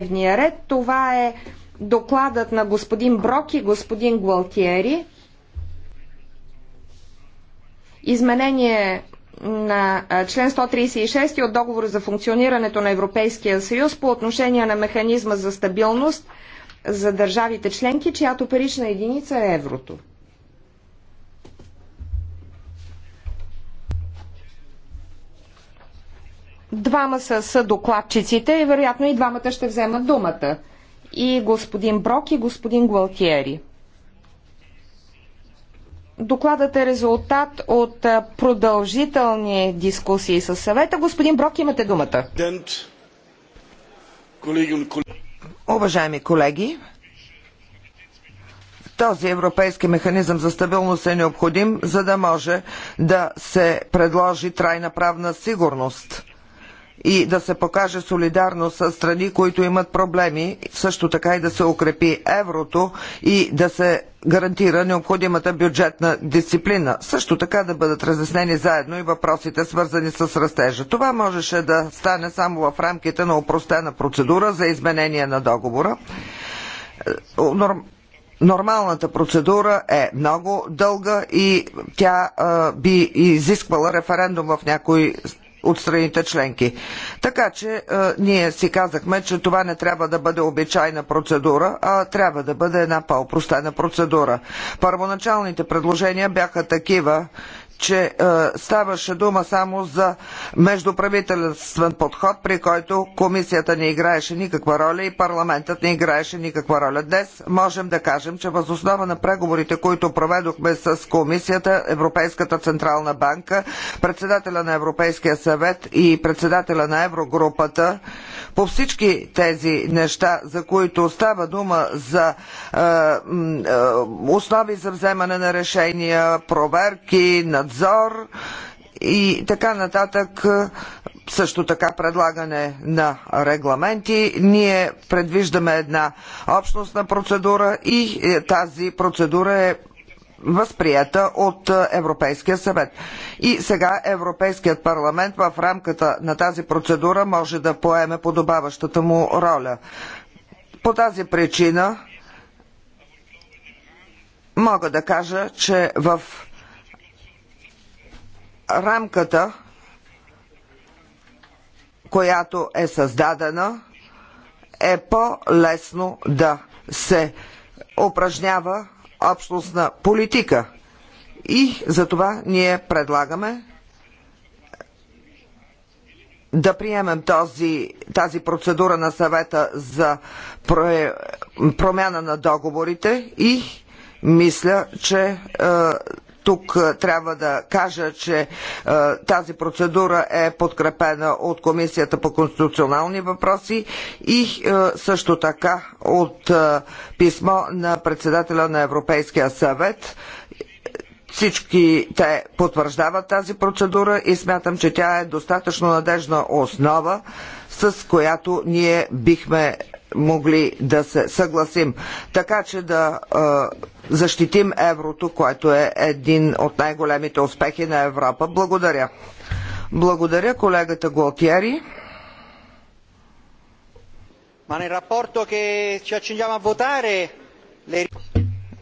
дневния ред. Това е докладът на господин Брок и господин Гуалтиери. Изменение на член 136 от договора за функционирането на Европейския съюз по отношение на механизма за стабилност за държавите членки, чиято парична единица е еврото. Двама са, са докладчиците и вероятно и двамата ще вземат думата. И господин Брок и господин Гуалтиери. Докладът е резултат от продължителни дискусии с съвета. Господин Брок, имате думата. Уважаеми колеги, този европейски механизъм за стабилност е необходим, за да може да се предложи трайна правна сигурност и да се покаже солидарност с страни, които имат проблеми, също така и да се укрепи еврото и да се гарантира необходимата бюджетна дисциплина. Също така да бъдат разяснени заедно и въпросите свързани с растежа. Това можеше да стане само в рамките на упростена процедура за изменение на договора. Нормалната процедура е много дълга и тя би изисквала референдум в някои от страните членки. Така че е, ние си казахме, че това не трябва да бъде обичайна процедура, а трябва да бъде една по-опростена процедура. Първоначалните предложения бяха такива, че е, ставаше дума само за междуправителствен подход, при който комисията не играеше никаква роля и парламентът не играеше никаква роля. Днес можем да кажем, че възоснова на преговорите, които проведохме с комисията, Европейската централна банка, председателя на Европейския съвет и председателя на Еврогрупата, по всички тези неща, за които става дума за е, е, основи за вземане на решения, проверки, на надзор и така нататък също така предлагане на регламенти. Ние предвиждаме една общностна процедура и е, тази процедура е възприета от е, Европейския съвет. И сега Европейският парламент в рамката на тази процедура може да поеме подобаващата му роля. По тази причина мога да кажа, че в рамката, която е създадена, е по-лесно да се упражнява общностна политика. И за това ние предлагаме да приемем този, тази процедура на съвета за промяна на договорите и мисля, че е, тук трябва да кажа, че тази процедура е подкрепена от Комисията по конституционални въпроси и също така от писмо на председателя на Европейския съвет. Всички те потвърждават тази процедура и смятам, че тя е достатъчно надежна основа, с която ние бихме могли да се съгласим. Така че да защитим еврото, което е един от най-големите успехи на Европа. Благодаря. Благодаря колегата Голтиери.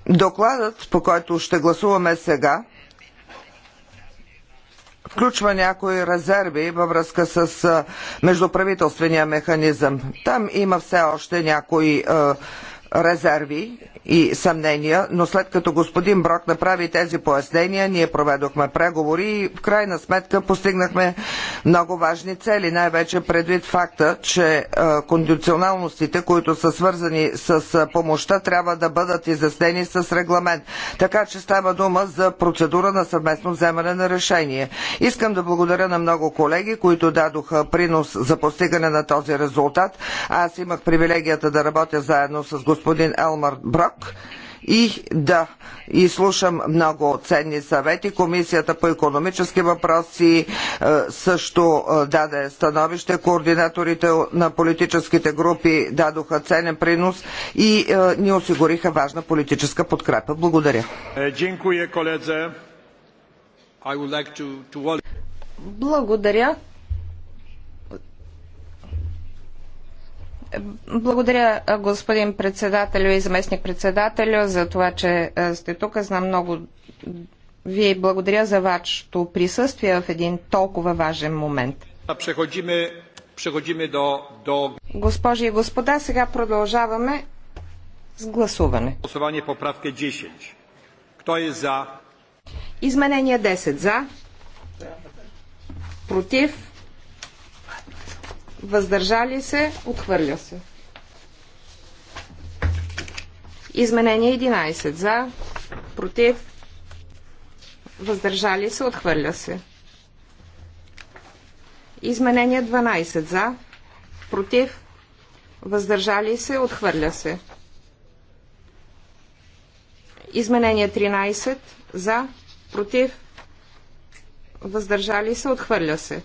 Докладът, по който ще гласуваме сега, включва някои резерви във връзка с междуправителствения механизъм. Там има все още някои резерви и съмнения, но след като господин Брок направи тези пояснения, ние проведохме преговори и в крайна сметка постигнахме много важни цели, най-вече предвид факта, че е, кондиционалностите, които са свързани с е, помощта, трябва да бъдат изяснени с регламент. Така че става дума за процедура на съвместно вземане на решение. Искам да благодаря на много колеги, които дадоха принос за постигане на този резултат. Аз имах привилегията да работя заедно с господин господин Елмар Брок и да изслушам много ценни съвети. Комисията по економически въпроси е, също е, даде становище. Координаторите на политическите групи дадоха ценен принос и е, ни осигуриха важна политическа подкрепа. Благодаря. Благодаря. Благодаря, господин председателю и заместник председателю, за това, че е, сте тук. Знам много ви благодаря за вашето присъствие в един толкова важен момент. Преходиме, до, до... Госпожи и господа, сега продължаваме с гласуване. Гласуване поправка 10. Кто е за? Изменение 10 за. Против въздържали се, отхвърля се. Изменение 11 за, против, въздържали се, отхвърля се. Изменение 12 за, против, въздържали се, отхвърля се. Изменение 13 за, против, въздържали се, отхвърля се.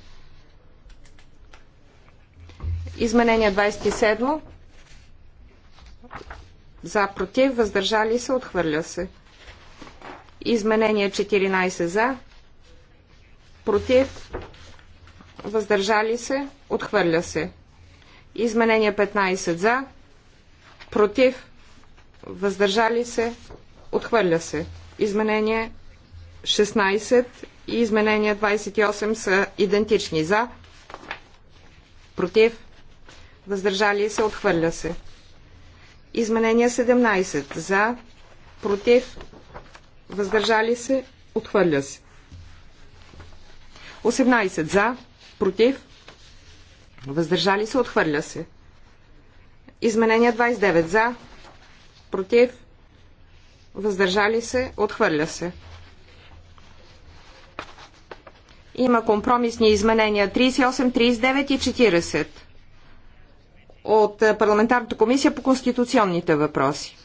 Изменение 27. За, против, въздържали се, отхвърля се. Изменение 14 за, против, въздържали се, отхвърля се. Изменение 15 за, против, въздържали се, отхвърля се. Изменение 16 и изменение 28 са идентични за, против, въздържали се, отхвърля се. Изменение 17 за, против, въздържали се, отхвърля се. 18 за, против, въздържали се, отхвърля се. Изменение 29 за, против, въздържали се, отхвърля се. Има компромисни изменения 38, 39 и 40 от парламентарната комисия по конституционните въпроси.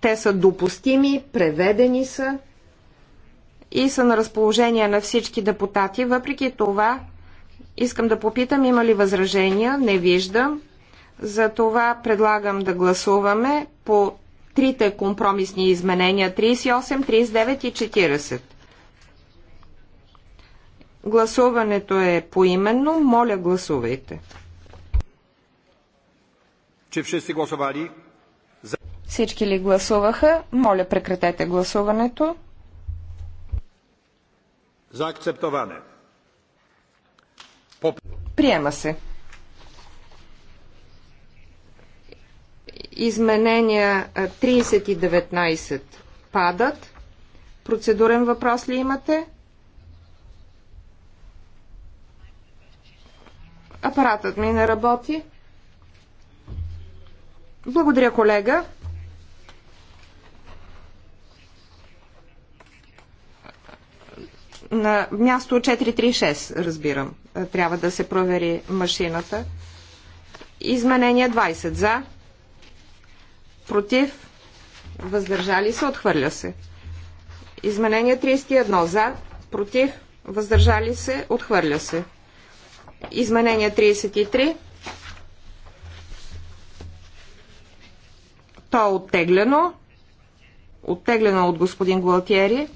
Те са допустими, преведени са и са на разположение на всички депутати. Въпреки това, искам да попитам, има ли възражения? Не виждам. За това предлагам да гласуваме по трите компромисни изменения 38, 39 и 40. Гласуването е поименно. Моля, гласувайте. Че всички гласували? Всички ли гласуваха? Моля, прекратете гласуването. За акцептоване. Приема се. Изменения 30 и 19 падат. Процедурен въпрос ли имате? Апаратът ми не работи. Благодаря, колега. На място 436, разбирам. Трябва да се провери машината. Изменение 20 за. Против. Въздържали се. Отхвърля се. Изменение 31 за. Против. Въздържали се. Отхвърля се. Изменение 33. То е оттеглено. Оттеглено от господин Гуалтиери.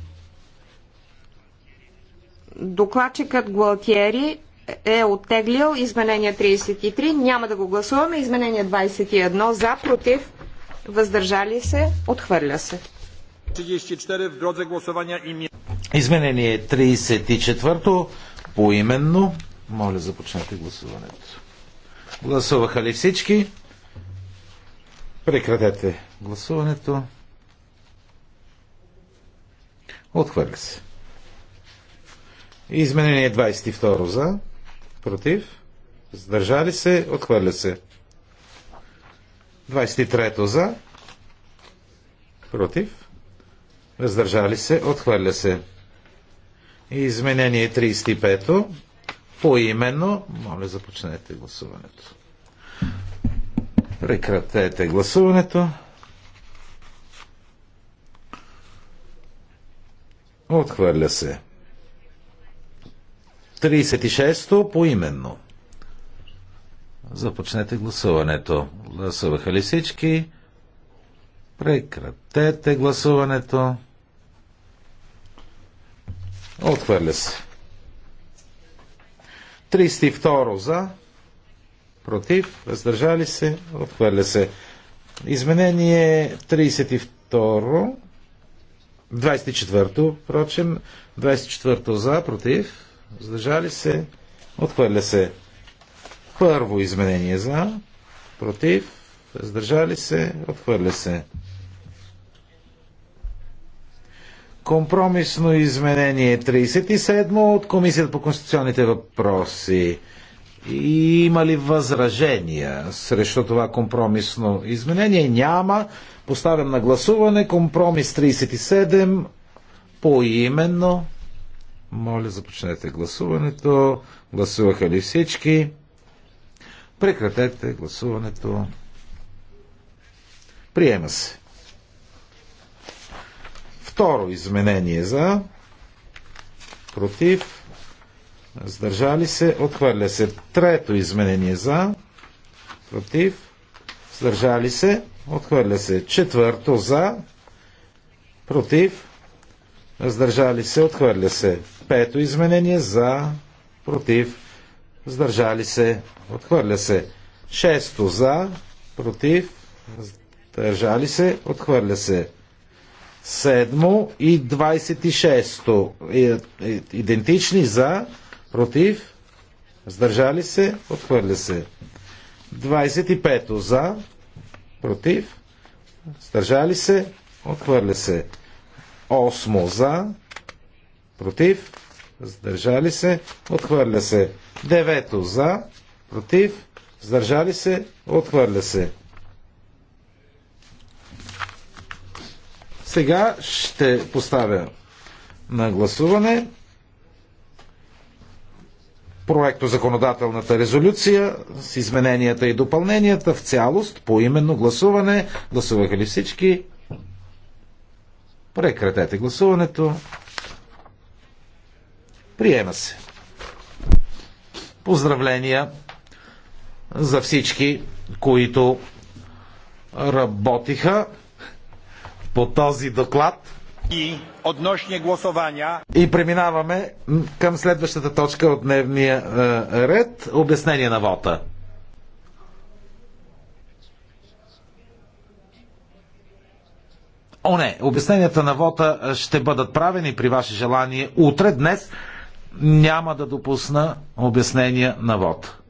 Докладчикът Гуалтиери е оттеглил изменение 33. Няма да го гласуваме. Изменение 21 за, против, въздържали се, отхвърля се. 34 в Изменение 34 поименно. Моля, започнете гласуването. Гласуваха ли всички? Прекратете гласуването. Отхвърля се. Изменение 22 за. Против. Сдържали се. Отхвърля се. 23 за. Против. Въздържали се. Отхвърля се. Изменение 35 поименно. Моля, започнете гласуването. Прекратете гласуването. Отхвърля се. 36-то поименно. Започнете гласуването. Гласуваха ли всички? Прекратете гласуването. Отхвърля се. 32 за, против, въздържали се, отхвърля се. Изменение 32, 24, впрочем, 24 за, против, въздържали се, отхвърля се. Първо изменение за, против, въздържали се, отхвърля се. Компромисно изменение 37 от Комисията по конституционните въпроси. И има ли възражения срещу това компромисно изменение? Няма. Поставям на гласуване компромис 37 поименно. Моля, започнете гласуването. Гласуваха ли всички? Прекратете гласуването. Приема се. Второ изменение за против, сдържали се, отхвърля се. Трето изменение за против, сдържали се, отхвърля се. Четвърто за против, сдържали се, отхвърля се. Пето изменение за против, сдържали се, отхвърля се. Шесто за против, сдържали се, отхвърля се. 7 и 26. Идентични за, против, сдържали се, отхвърля се. 25 за, против, сдържали се, отхвърля се. 8 за, против, сдържали се, отхвърля се. 9 за, против, сдържали се, отхвърля се. Сега ще поставя на гласуване проекто законодателната резолюция с измененията и допълненията в цялост по именно гласуване. Гласуваха ли всички? Прекратете гласуването. Приема се. Поздравления за всички, които работиха по този доклад. И относно гласования. И преминаваме към следващата точка от дневния е, ред. Обяснение на вота. О, не, обясненията на вота ще бъдат правени при ваше желание утре. Днес няма да допусна обяснения на вота.